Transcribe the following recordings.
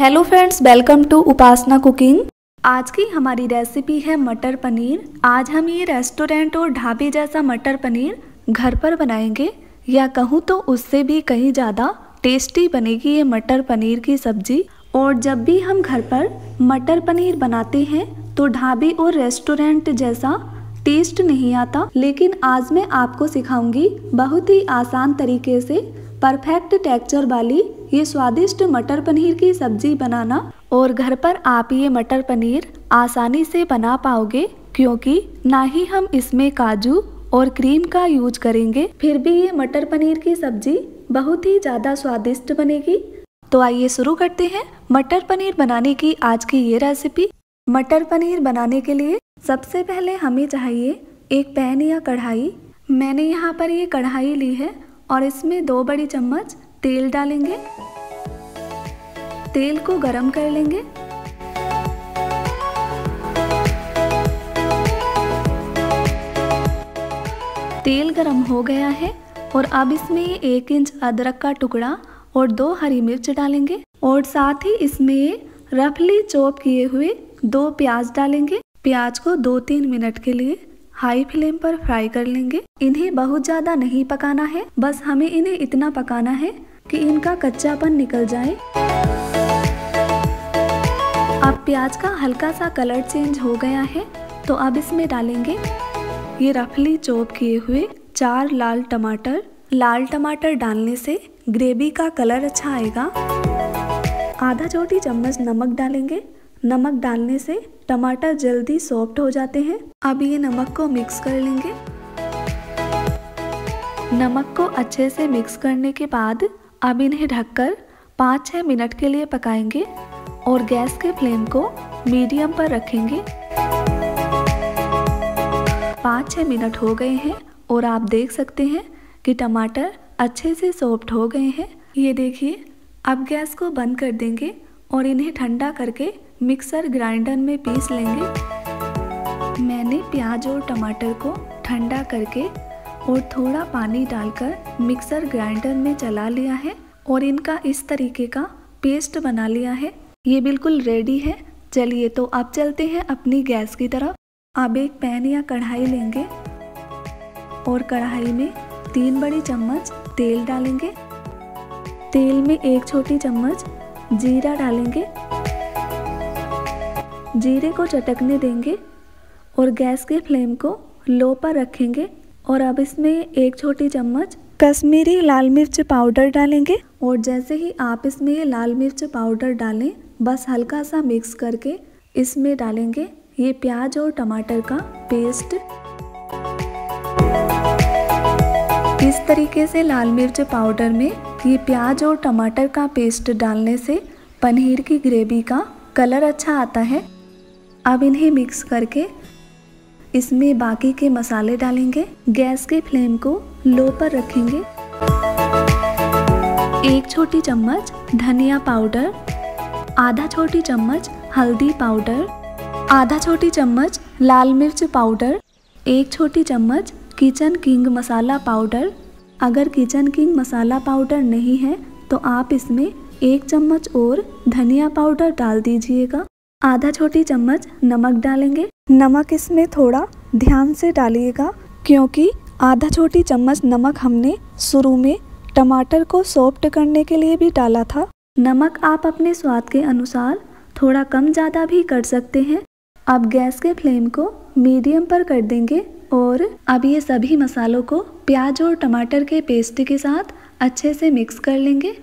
hello friends welcome to Upasana cooking आज की हमारी रेसिपी है मटर पनीर आज हम ये रेस्टोरेंट और ढाबे जैसा मटर पनीर घर पर बनाएंगे या कहूँ तो उससे भी कहीं ज़्यादा टेस्टी बनेगी ये मटर पनीर की सब्जी और जब भी हम घर पर मटर पनीर बनाते हैं तो ढाबे और रेस्टोरेंट जैसा टेस्ट नहीं आता लेकिन आज मैं आपको सिखाऊंगी बहुत ही आसान तरीके से परफेक्ट टेक्चर वाली ये स्वादिष्ट मटर पनीर की सब्जी बनाना और घर पर आप ये मटर पनीर आसानी से बना पाओगे क्योंकि ना ही हम इसमें काजू और क्रीम का यूज करेंगे फिर भी ये मटर पनीर की सब्जी बहुत ही ज़्यादा स्वादिष्ट बनेगी तो आइए शुरू करते हैं मटर पनीर बनाने की आज की ये रेसिपी मटर पनीर बनाने के लिए सबसे पहले हमें चाहिए एक पैन या कढ़ाई मैंने यहाँ पर ये कढ़ाई ली है और इसमें दो बड़ी चम्मच तेल डालेंगे तेल को गरम कर लेंगे तेल गरम हो गया है और अब इसमें एक इंच अदरक का टुकड़ा और दो हरी मिर्च डालेंगे और साथ ही इसमें रफली चॉप किए हुए दो प्याज डालेंगे प्याज को दो तीन मिनट के लिए हाई फ्लेम पर फ्राई कर लेंगे इन्हें बहुत ज़्यादा नहीं पकाना है बस हमें इन्हें इतना पकाना है कि इनका कच्चापन निकल जाए अब प्याज का हल्का सा कलर चेंज हो गया है तो अब इसमें डालेंगे ये रफली चॉप किए हुए चार लाल टमाटर लाल टमाटर डालने से ग्रेवी का कलर अच्छा आएगा आधा छोटी चम्मच नमक डालेंगे नमक डालने से टमाटर जल्दी सॉफ्ट हो जाते हैं अब ये नमक को मिक्स कर लेंगे नमक को अच्छे से मिक्स करने के बाद अब इन्हें ढककर पाँच 6 मिनट के लिए पकाएंगे और गैस के फ्लेम को मीडियम पर रखेंगे पाँच 6 मिनट हो गए हैं और आप देख सकते हैं कि टमाटर अच्छे से सॉफ्ट हो गए हैं ये देखिए अब गैस को बंद कर देंगे और इन्हें ठंडा करके मिक्सर ग्राइंडर में पीस लेंगे मैंने प्याज और टमाटर को ठंडा करके और थोड़ा पानी डालकर मिक्सर ग्राइंडर में चला लिया है और इनका इस तरीके का पेस्ट बना लिया है ये बिल्कुल रेडी है चलिए तो अब चलते हैं अपनी गैस की तरफ अब एक पैन या कढ़ाई लेंगे और कढ़ाई में तीन बड़ी चम्मच तेल डालेंगे तेल में एक छोटी चम्मच जीरा डालेंगे जीरे को चटकने देंगे और गैस के फ्लेम को लो पर रखेंगे और अब इसमें एक छोटी चम्मच कश्मीरी लाल मिर्च पाउडर डालेंगे और जैसे ही आप इसमें ये लाल मिर्च पाउडर डालें बस हल्का सा मिक्स करके इसमें डालेंगे ये प्याज और टमाटर का पेस्ट इस तरीके से लाल मिर्च पाउडर में ये प्याज और टमाटर का पेस्ट डालने से पनीर की ग्रेवी का कलर अच्छा आता है अब इन्हें मिक्स करके इसमें बाकी के मसाले डालेंगे गैस के फ्लेम को लो पर रखेंगे एक छोटी चम्मच धनिया पाउडर आधा छोटी चम्मच हल्दी पाउडर आधा छोटी चम्मच लाल मिर्च पाउडर एक छोटी चम्मच किचन किंग मसाला पाउडर अगर किचन किंग मसाला पाउडर नहीं है तो आप इसमें एक चम्मच और धनिया पाउडर डाल दीजिएगा आधा छोटी चम्मच नमक डालेंगे नमक इसमें थोड़ा ध्यान से डालिएगा क्योंकि आधा छोटी चम्मच नमक हमने शुरू में टमाटर को सॉफ्ट करने के लिए भी डाला था नमक आप अपने स्वाद के अनुसार थोड़ा कम ज़्यादा भी कर सकते हैं अब गैस के फ्लेम को मीडियम पर कर देंगे और अब ये सभी मसालों को प्याज और टमाटर के पेस्ट के साथ अच्छे से मिक्स कर लेंगे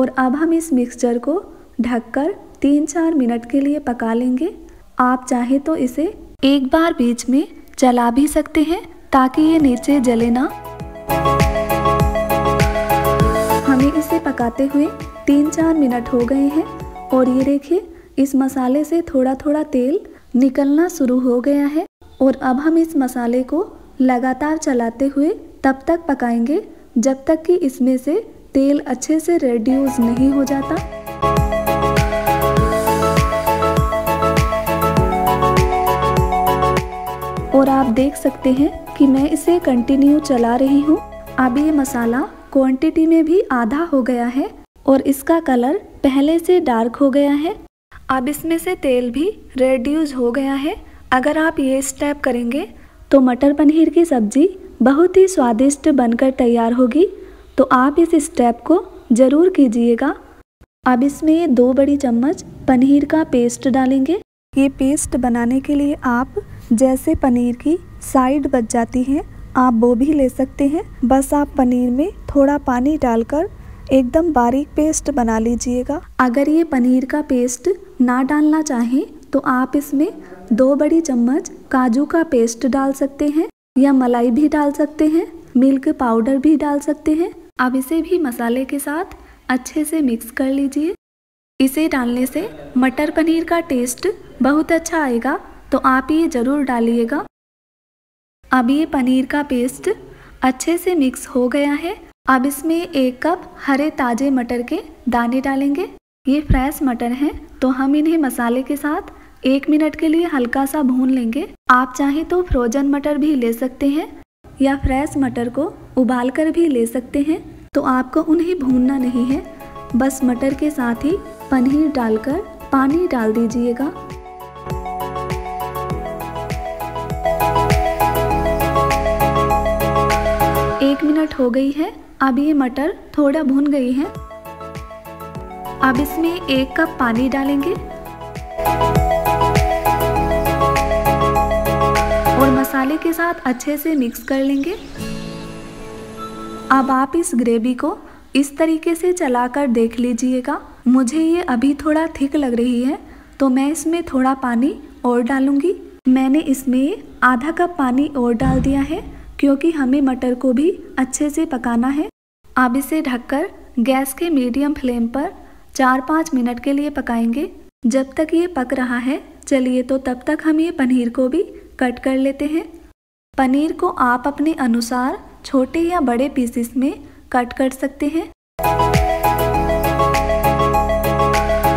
और अब हम इस मिक्सचर को ढककर तीन चार मिनट के लिए पका लेंगे आप चाहे तो इसे एक बार बीच में चला भी सकते हैं ताकि ये नीचे जले ना हमें इसे पकाते हुए तीन चार मिनट हो गए हैं और ये देखिए इस मसाले से थोड़ा थोड़ा तेल निकलना शुरू हो गया है और अब हम इस मसाले को लगातार चलाते हुए तब तक पकाएंगे जब तक कि इसमें से तेल अच्छे से रेड्यूज नहीं हो जाता और आप देख सकते हैं कि मैं इसे कंटिन्यू चला रही हूँ अब ये मसाला क्वांटिटी में भी आधा हो गया है और इसका कलर पहले से डार्क हो गया है अब इसमें से तेल भी रेड्यूज हो गया है अगर आप ये स्टेप करेंगे तो मटर पनीर की सब्ज़ी बहुत ही स्वादिष्ट बनकर तैयार होगी तो आप इस स्टेप को ज़रूर कीजिएगा अब इसमें दो बड़ी चम्मच पनीर का पेस्ट डालेंगे ये पेस्ट बनाने के लिए आप जैसे पनीर की साइड बच जाती है आप वो भी ले सकते हैं बस आप पनीर में थोड़ा पानी डालकर एकदम बारीक पेस्ट बना लीजिएगा अगर ये पनीर का पेस्ट ना डालना चाहें तो आप इसमें दो बड़ी चम्मच काजू का पेस्ट डाल सकते हैं या मलाई भी डाल सकते हैं मिल्क पाउडर भी डाल सकते हैं अब इसे भी मसाले के साथ अच्छे से मिक्स कर लीजिए इसे डालने से मटर पनीर का टेस्ट बहुत अच्छा आएगा तो आप ये ज़रूर डालिएगा अब ये पनीर का पेस्ट अच्छे से मिक्स हो गया है अब इसमें एक कप हरे ताज़े मटर के दाने डालेंगे ये फ्रेश मटर हैं तो हम इन्हें मसाले के साथ एक मिनट के लिए हल्का सा भून लेंगे आप चाहें तो फ्रोजन मटर भी ले सकते हैं या फ्रेश मटर को उबाल कर भी ले सकते हैं तो आपको उन्हें भूनना नहीं है बस मटर के साथ ही पनीर डालकर पानी डाल दीजिएगा हो गई है अब ये मटर थोड़ा भुन गई है अब इसमें एक कप पानी डालेंगे और मसाले के साथ अच्छे से मिक्स कर लेंगे अब आप इस ग्रेवी को इस तरीके से चलाकर देख लीजिएगा मुझे ये अभी थोड़ा थिक लग रही है तो मैं इसमें थोड़ा पानी और डालूंगी मैंने इसमें आधा कप पानी और डाल दिया है क्योंकि हमें मटर को भी अच्छे से पकाना है अब इसे ढककर गैस के मीडियम फ्लेम पर चार पाँच मिनट के लिए पकाएंगे जब तक ये पक रहा है चलिए तो तब तक हम ये पनीर को भी कट कर लेते हैं पनीर को आप अपने अनुसार छोटे या बड़े पीसेस में कट कर सकते हैं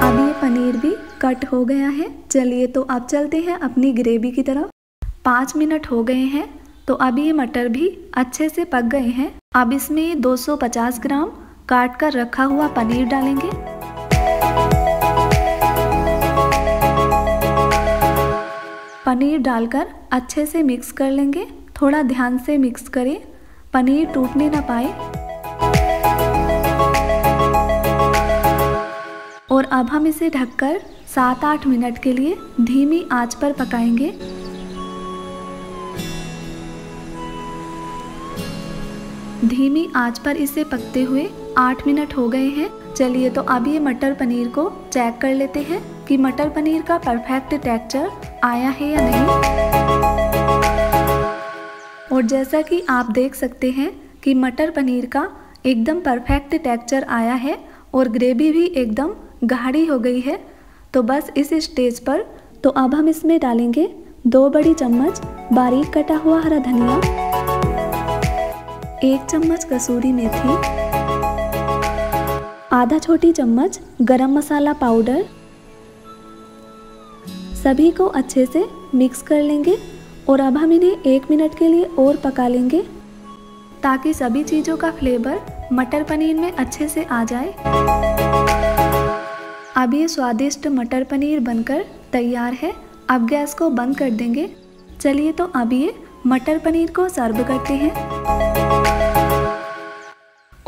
अब ये पनीर भी कट हो गया है चलिए तो अब चलते हैं अपनी ग्रेवी की तरफ पाँच मिनट हो गए हैं तो अब ये मटर भी अच्छे से पक गए हैं अब इसमें 250 ग्राम काट कर रखा हुआ पनीर डालेंगे पनीर डालकर अच्छे से मिक्स कर लेंगे थोड़ा ध्यान से मिक्स करें पनीर टूटने ना पाए और अब हम इसे ढककर सात आठ मिनट के लिए धीमी आंच पर पकाएंगे धीमी आंच पर इसे पकते हुए आठ मिनट हो गए हैं चलिए तो अब ये मटर पनीर को चेक कर लेते हैं कि मटर पनीर का परफेक्ट टेक्सचर आया है या नहीं और जैसा कि आप देख सकते हैं कि मटर पनीर का एकदम परफेक्ट टेक्सचर आया है और ग्रेवी भी एकदम गाढ़ी हो गई है तो बस इस स्टेज पर तो अब हम इसमें डालेंगे दो बड़ी चम्मच बारीक कटा हुआ हरा धनिया एक चम्मच कसूरी मेथी आधा छोटी चम्मच गरम मसाला पाउडर सभी को अच्छे से मिक्स कर लेंगे और अब हम इन्हें एक मिनट के लिए और पका लेंगे ताकि सभी चीज़ों का फ्लेवर मटर पनीर में अच्छे से आ जाए अब ये स्वादिष्ट मटर पनीर बनकर तैयार है अब गैस को बंद कर देंगे चलिए तो अब ये मटर पनीर को सर्व करते हैं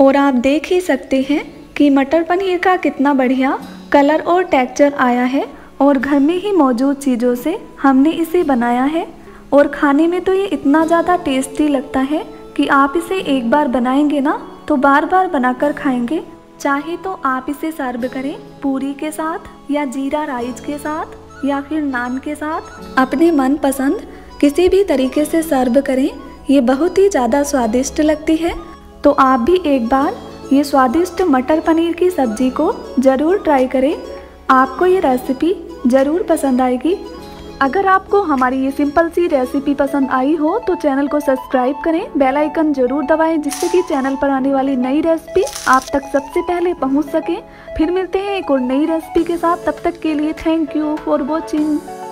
और आप देख ही सकते हैं कि मटर पनीर का कितना बढ़िया कलर और टेक्चर आया है और घर में ही मौजूद चीज़ों से हमने इसे बनाया है और खाने में तो ये इतना ज़्यादा टेस्टी लगता है कि आप इसे एक बार बनाएंगे ना तो बार बार बनाकर खाएंगे चाहे तो आप इसे सर्व करें पूरी के साथ या जीरा राइस के साथ या फिर नान के साथ अपने मन पसंद किसी भी तरीके से सर्व करें ये बहुत ही ज़्यादा स्वादिष्ट लगती है तो आप भी एक बार ये स्वादिष्ट मटर पनीर की सब्ज़ी को ज़रूर ट्राई करें आपको ये रेसिपी ज़रूर पसंद आएगी अगर आपको हमारी ये सिंपल सी रेसिपी पसंद आई हो तो चैनल को सब्सक्राइब करें बेल आइकन जरूर दबाएं जिससे कि चैनल पर आने वाली नई रेसिपी आप तक सबसे पहले पहुंच सके फिर मिलते हैं एक और नई रेसिपी के साथ तब तक के लिए थैंक यू फॉर वॉचिंग